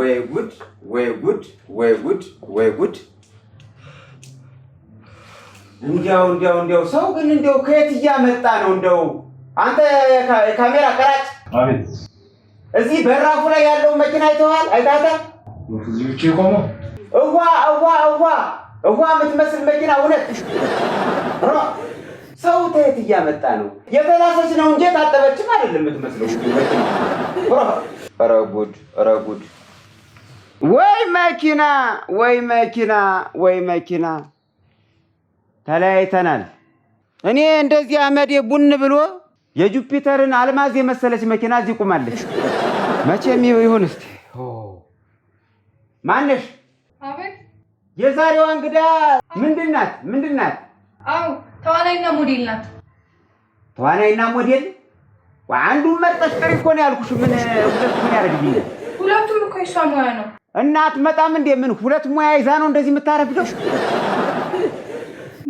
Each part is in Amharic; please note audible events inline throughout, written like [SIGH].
ወይ ጉድ ወይ ጉድ ወይ ጉድ ወይ ጉድ! እንዲያው እንዲያው እንዲያው ሰው ግን እንዲያው ከየት እያመጣ ነው? እንደው አንተ ካሜራ ቀራጭ፣ እዚህ በራፉ ላይ ያለው መኪና አይተዋል? አይታታል? እዚህ ውጪ ቆሞ እዋ እዋ እዋ እዋ የምትመስል መኪና እውነት ሰው ተየት እያመጣ ነው? የፈላሰች ነው እንጂ የታጠበችም አይደለም የምትመስለው። ኧረ ጉድ ኧረ ጉድ ወይ መኪና ወይ መኪና ወይ መኪና ተለያይተናል። እኔ እንደዚህ አመዴ ቡን ብሎ የጁፒተርን አልማዝ የመሰለች መኪና እዚህ ቁማለች። መቼም ይሁን እስኪ ማነሽ? የዛሬዋ እንግዳ ምንድን ናት? ምንድን ናት? አዎ ተዋናይና ሞዴል ናት። ተዋናይና ሞዴል አንዱን መርጠሽ ጥሪ እኮ ነው ያልኩሽ። ምን ሁለቱን ያደርግልኛል? ሁለቱም እኮ የሷ ሙያ ነው። እናት መጣም እንዴ? ምን ሁለት ሙያ ይዛ ነው እንደዚህ የምታረፍደው?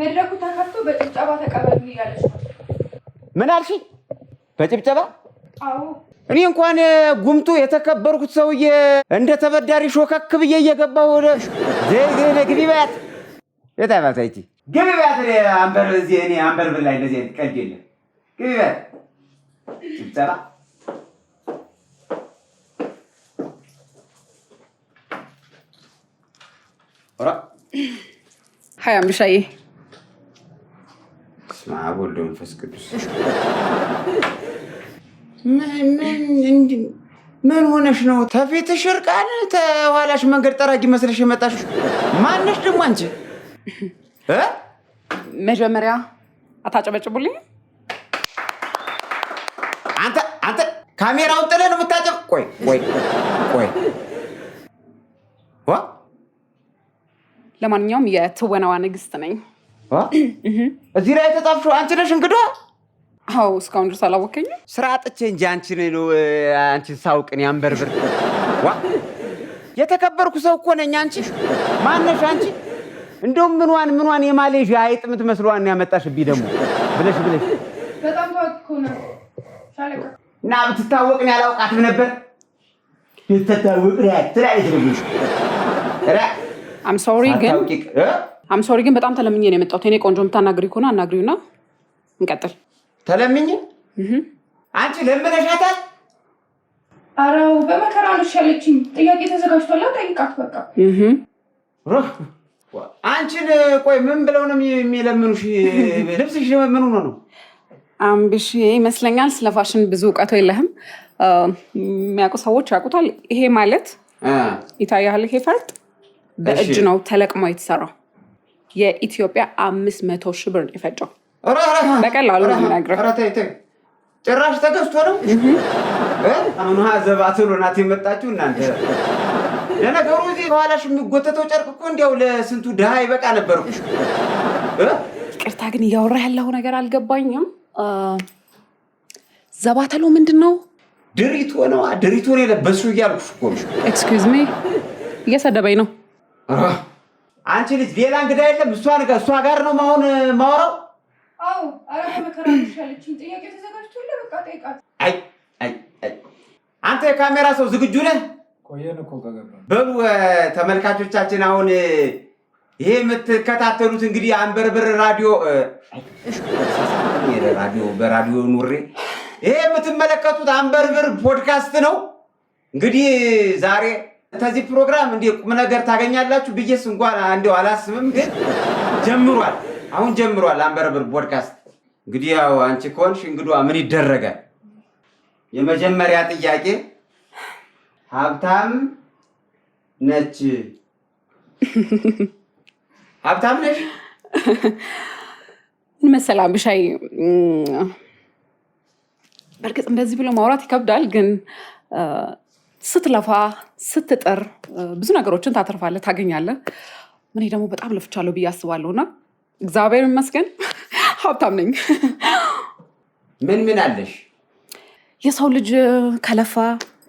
መድረኩ ተከፍቶ በጭብጨባ ተቀበሉ እያለች ምን አልሽ? በጭብጨባ አዎ። እኔ እንኳን ጉምቱ የተከበርኩት ሰውዬ እንደ ተበዳሪ ሾከክ ብዬ እየገባሁ ወደ ግቢ በያት የታባሳይቲ ግቢ በያት አንበር እዚህ እኔ አንበር ብላይ እንደዚህ ቀልድ የለም ግቢ በያት ጭብጨባ ኦራ ሀያ ምሻዬ ስማ ወልደ መንፈስ ቅዱስ ምን ሆነሽ ነው? ተፊትሽ እርቃን ተኋላሽ መንገድ ጠራጊ መስለሽ የመጣሽ ማነሽ ደግሞ አንቺ? መጀመሪያ አታጨበጭቡልኝ። አንተ አንተ ካሜራውን ጥለህ ነው የምታጨብ? ቆይ ቆይ ቆይ ለማንኛውም የትወናዋ ንግስት ነኝ። እዚህ ላይ የተጻፍሽው አንቺ ነሽ እንግዷ? አዎ። እስካሁን ድረስ አላወቀኝም። ስራ አጥቼ እንጂ አንቺን አንቺን ሳውቅን ያንበርብር። የተከበርኩ ሰው እኮ ነኝ። አንቺ ማነሽ አንቺ? እንደውም ምንዋን ምኗን የማሌዥያ አይጥ የምትመስለዋን ያመጣሽብኝ ደግሞ ብለሽ ብለሽ እና ብትታወቅን ያላውቃትም ነበር። ብትታወቅ ትላይ ትላይ አም ሶሪ ግን በጣም ተለምኝ ነው የመጣሁት። እኔ ቆንጆ የምታናግሪ ከሆነ አናግሪውና እንቀጥል። ተለምኝ አንቺ ለምነሻታል? አረው በመከራ ነው ሻለችኝ። ጥያቄ ተዘጋጅቷል፣ ጠይቃት በቃ አንቺን። ቆይ ምን ብለው ነው የሚለምኑሽ? ልብስሽ ምን ሆኖ ነው? አምብሽ ይመስለኛል። ስለ ፋሽን ብዙ እውቀቱ የለህም። የሚያውቁ ሰዎች ያውቁታል። ይሄ ማለት ይታያል። ይሄ ፈርጥ በእጅ ነው ተለቅሞ የተሰራው። የኢትዮጵያ አምስት መቶ ሺህ ብር ነው የፈጨው። በቀላሉ ነው ጭራሽ ተገዝቶ ነው አሁን ዘባት ናት የመጣችሁ እናንተ። ለነገሩ እዚህ ከኋላሽ የሚጎተተው ጨርቅ እኮ እንዲያው ለስንቱ ድሃ ይበቃ ነበር። ይቅርታ ግን እያወራ ያለው ነገር አልገባኝም። ዘባተሎ ምንድን ነው? ድሪቶ ነዋ። ነው የለበሱ እያልኩሽ እኮ። ኤክስኪውዝ ሚ እየሰደበኝ ነው። አንቺ ልጅ ሌላ እንግዳ የለም። እሷ ጋር ነው ማሁን ማወራው። አዎ አረ ከመከራ ይሻለችኝ። ጥያቄ ተዘጋጅቶልህ በቃ ጠይቃት። አይ አይ አንተ የካሜራ ሰው ዝግጁ ነህ? ቆየን እኮ ከገባ በሉ ተመልካቾቻችን፣ አሁን ይሄ የምትከታተሉት እንግዲህ አንበርብር ራዲዮ ራዲዮ በራዲዮ ኑሬ ይሄ የምትመለከቱት አንበርብር ፖድካስት ነው። እንግዲህ ዛሬ ከዚህ ፕሮግራም እንደ ቁም ነገር ታገኛላችሁ ብዬስ እንኳን እንደው አላስብም፣ ግን ጀምሯል። አሁን ጀምሯል አንበርብር ፖድካስት። እንግዲህ ያው አንቺ ከሆንሽ እንግዷ ምን ይደረጋል? የመጀመሪያ ጥያቄ ሀብታም ነች? ሀብታም ነሽ? ምን መሰለህ አብሻይ፣ በእርግጥ እንደዚህ ብሎ ማውራት ይከብዳል ግን ስትለፋ ስትጥር ብዙ ነገሮችን ታተርፋለህ፣ ታገኛለህ። እኔ ደግሞ በጣም ለፍቻለሁ ብዬ አስባለሁ እና እግዚአብሔር ይመስገን [LAUGHS] ሀብታም ነኝ። ምን ምን አለሽ? የሰው ልጅ ከለፋ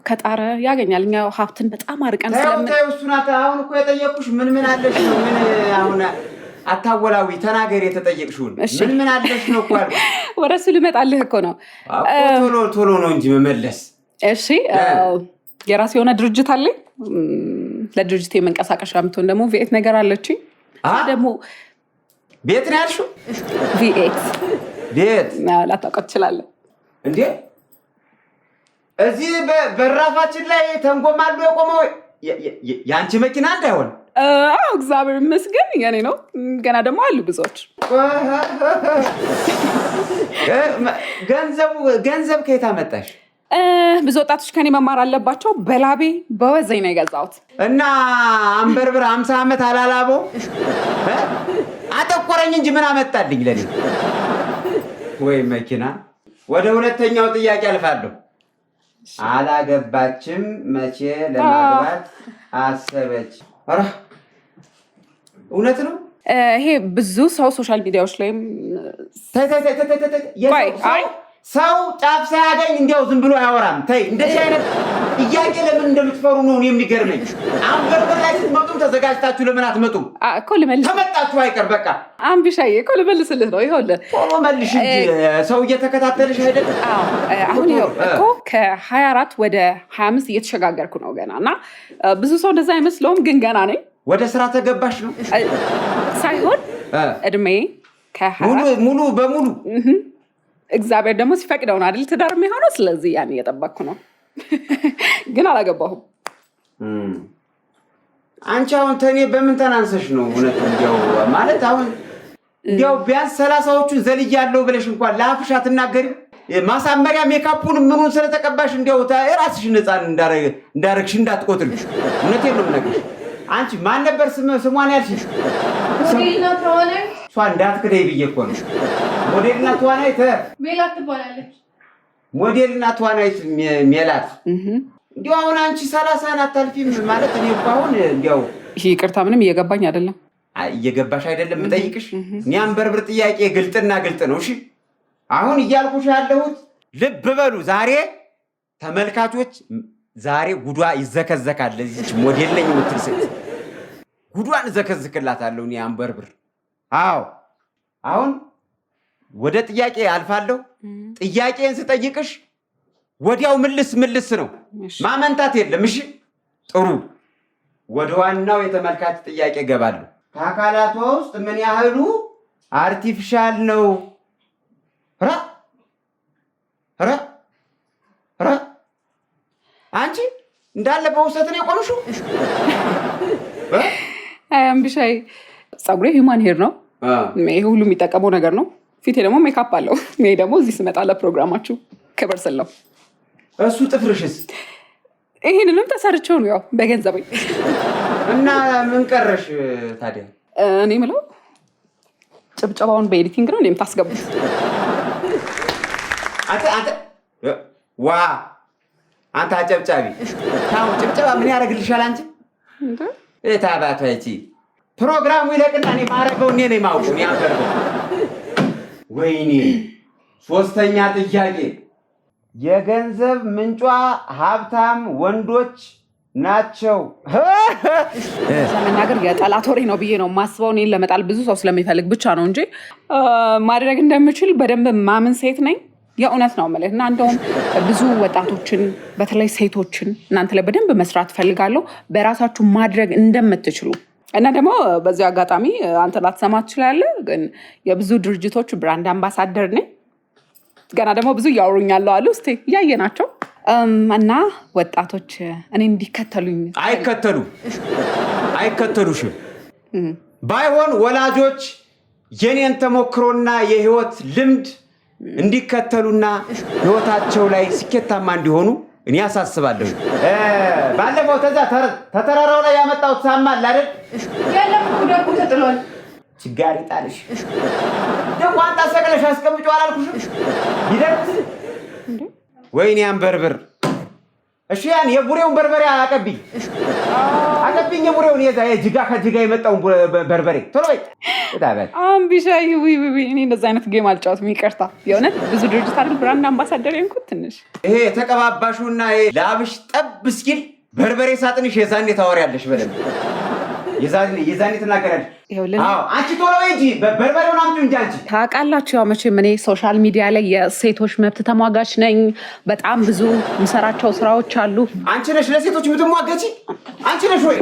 ከጣረ ያገኛል። እኛ ሀብትን በጣም አርቀን ስለምንሱና አሁን እኮ የጠየቁሽ ምን ምን አለሽ ነው። ምን አሁን አታወላዊ ተናገር የተጠየቅሽውን ምን ምን አለሽ ነው እኮ አልኩ። ወደ እሱ ልመጣልህ እኮ ነው። ቶሎ ቶሎ ነው እንጂ መመለስ። እሺ የራስ የሆነ ድርጅት አለኝ። ለድርጅት የመንቀሳቀሻ የምትሆን ደግሞ ቪኤት ነገር አለችኝ። ደግሞ ቤት ነው ያልሺው? ቪኤት ቤት ላታውቀው ትችላለህ እንዴ? እዚህ በራፋችን ላይ ተንጎማሉ የቆመው የአንቺ መኪና እንዳይሆን። አዎ እግዚአብሔር ይመስገን የኔ ነው። ገና ደግሞ አሉ ብዙዎች። ገንዘቡ ገንዘብ ከየት አመጣሽ? ብዙ ወጣቶች ከኔ መማር አለባቸው። በላቤ በወዘኝ ነው የገዛሁት እና አንበርብር አምሳ ዓመት አላላቦ አጠቆረኝ እንጂ ምን አመጣልኝ ለኔ ወይ መኪና። ወደ ሁለተኛው ጥያቄ አልፋለሁ። አላገባችም፣ መቼ ለማግባት አሰበች? እውነት ነው። ይሄ ብዙ ሰው ሶሻል ሚዲያዎች ላይም ሰው ጫፍ ሳያገኝ እንዲያው ዝም ብሎ አያወራም። ተይ እንደዚህ አይነት ጥያቄ ለምን እንደምትፈሩ ነው የሚገርመኝ። አሁን በርበር ላይ ስትመጡም ተዘጋጅታችሁ ለምን አትመጡም እኮ? ልመልስ ተመጣችሁ አይቀር በቃ አምቢሻዬ እኮ ልመልስልህ ነው። ይኸውልህ ቶሎ መልሽ እንጂ ሰው እየተከታተልሽ አይደል? አሁን ይኸው እኮ ከሀያ አራት ወደ ሀያ አምስት እየተሸጋገርኩ ነው ገና እና ብዙ ሰው እንደዛ አይመስለውም፣ ግን ገና ነኝ። ወደ ስራ ተገባሽ ነው ሳይሆን እድሜ ሙሉ በሙሉ እግዚአብሔር ደግሞ ሲፈቅደው ነው አይደል ትዳር የሚሆነው። ስለዚህ ያን እየጠበኩ ነው፣ [LAUGHS] ግን አላገባሁም። አንቺ አሁን ተኔ በምን ተናንሰሽ ነው እውነት? እንዲያው ማለት አሁን እንዲያው ቢያንስ ሰላሳዎቹን ዘልያለሁ ብለሽ እንኳን ለአፍሽ አትናገሪም። ማሳመሪያ ሜካፑን ምኑን ስለተቀባሽ እንዲያው ራስሽ ነፃን እንዳረግሽ እንዳትቆጥርሽ። እውነቴን ነው የምነግርሽ አንቺ ማን ነበር ስሟን ያልሽ? ሞዴልና ተዋናይ እሷ እንዳትክደይ ብዬ እኮ ነው። ሞዴልና ተዋናይ ተ ሜላት ትባላለች። ሞዴልና ተዋናይ ሜላት። እንዲሁ አሁን አንቺ ሰላሳን አታልፊም ማለት እኔ እኮ አሁን እንዲያው ይቅርታ፣ ምንም እየገባኝ አይደለም። እየገባሽ አይደለም የምጠይቅሽ። እኒያም በርብር ጥያቄ ግልጥና ግልጥ ነው። እሺ አሁን እያልኩሽ ያለሁት ልብ በሉ ዛሬ ተመልካቾች ዛሬ ጉዷ ይዘከዘካል። ለዚች ሞዴል ነኝ የምትል ሴት ጉዷን እዘከዝክላታለሁ እኔ አንበርብር። አዎ አሁን ወደ ጥያቄ አልፋለሁ። ጥያቄን ስጠይቅሽ ወዲያው ምልስ ምልስ ነው፣ ማመንታት የለም። እሺ ጥሩ። ወደ ዋናው የተመልካች ጥያቄ ገባለሁ። ከአካላቷ ውስጥ ምን ያህሉ አርቲፊሻል ነው? ራ ራ ራ አንቺ እንዳለ በውሰትን የቆምሽው ቢሻይ ፀጉሬ ሂማን ሄር ነው። ይሄ ሁሉ የሚጠቀመው ነገር ነው። ፊቴ ደግሞ ሜካፕ አለው። ይሄ ደግሞ እዚህ ስመጣ ለፕሮግራማችሁ ክብር ስል ነው። እሱ ጥፍርሽስ? ይህንንም ተሰርቼው ነው ያው በገንዘቤ እና ምን ቀረሽ ታዲያ? እኔ ምለው ጭብጨባውን በኤዲቲንግ ነው እኔም ዋ አንተ አጨብጫቢ፣ ጭብጨባ ምን ያደርግልሻል አንቺ እታባቷ ይቺ ፕሮግራሙ ይለቅና እኔ ማረገው እኔ ነው የማውቀው። ወይኔ። ሶስተኛ ጥያቄ የገንዘብ ምንጯ ሀብታም ወንዶች ናቸው። ለመናገር የጠላት ወሬ ነው ብዬ ነው የማስበው። እኔን ለመጣል ብዙ ሰው ስለሚፈልግ ብቻ ነው እንጂ ማድረግ እንደምችል በደንብ ማምን ሴት ነኝ። የእውነት ነው የምልህ እና እንደውም ብዙ ወጣቶችን በተለይ ሴቶችን እናንተ ላይ በደንብ መስራት ፈልጋለሁ በራሳችሁ ማድረግ እንደምትችሉ እና ደግሞ በዚህ አጋጣሚ አንተ ላትሰማ ትችላለህ፣ ግን የብዙ ድርጅቶች ብራንድ አምባሳደር ነኝ። ገና ደግሞ ብዙ እያወሩኛሉ አሉ ስ እያየ ናቸው እና ወጣቶች እኔ እንዲከተሉኝ አይከተሉ አይከተሉሽም። ባይሆን ወላጆች የኔን ተሞክሮና የህይወት ልምድ እንዲከተሉና ህይወታቸው ላይ ስኬታማ እንዲሆኑ እኔ አሳስባለሁ። ባለፈው ተዛ ተተራራው ላይ ያመጣሁት ሳማ አለ አይደል? የለም ደርቁ ተጥሏል። ችጋሪ ጣልሽ ደግሞ አንጣ ሰቅለሽ አስቀምጮ አላልኩሽ? ይደርስ ወይኔ አንበርብር። እሺ ያን የቡሬውን በርበሬ አቀብኝ አለብኝ የቡሬ ሁኔታ ጅጋ ከጅጋ የመጣውን በርበሬ ቶሎ አምቢሻ እኔ እንደዚ አይነት ጌም አልጫወትም። ይቅርታ የእውነት ብዙ ድርጅት አይደል ብራንድ አምባሳደር የሆንኩት ትንሽ ይሄ የተቀባባሹና ለአብሽ ጠብ እስኪል በርበሬ ሳጥንሽ የዛኔ ታወሪያለሽ በደንብ አንቺ ቶሎ እንጂ በርበሬውን አምጪ እንጂ አንቺ ታውቃላችሁ። ያው መቼም እኔ ሶሻል ሚዲያ ላይ የሴቶች መብት ተሟጋች ነኝ። በጣም ብዙ የምሰራቸው ስራዎች አሉ። አንቺ ነሽ ለሴቶች የምትሟገች አንቺ ነሽ ወይ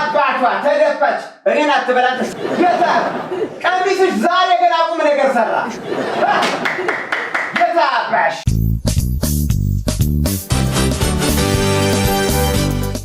አባቷ ተደፋች። እኔን አትበላትሽ። ገዛ ቀሚስሽ ዛሬ ገና ቁም ነገር ሰራ ገዛ አባሽ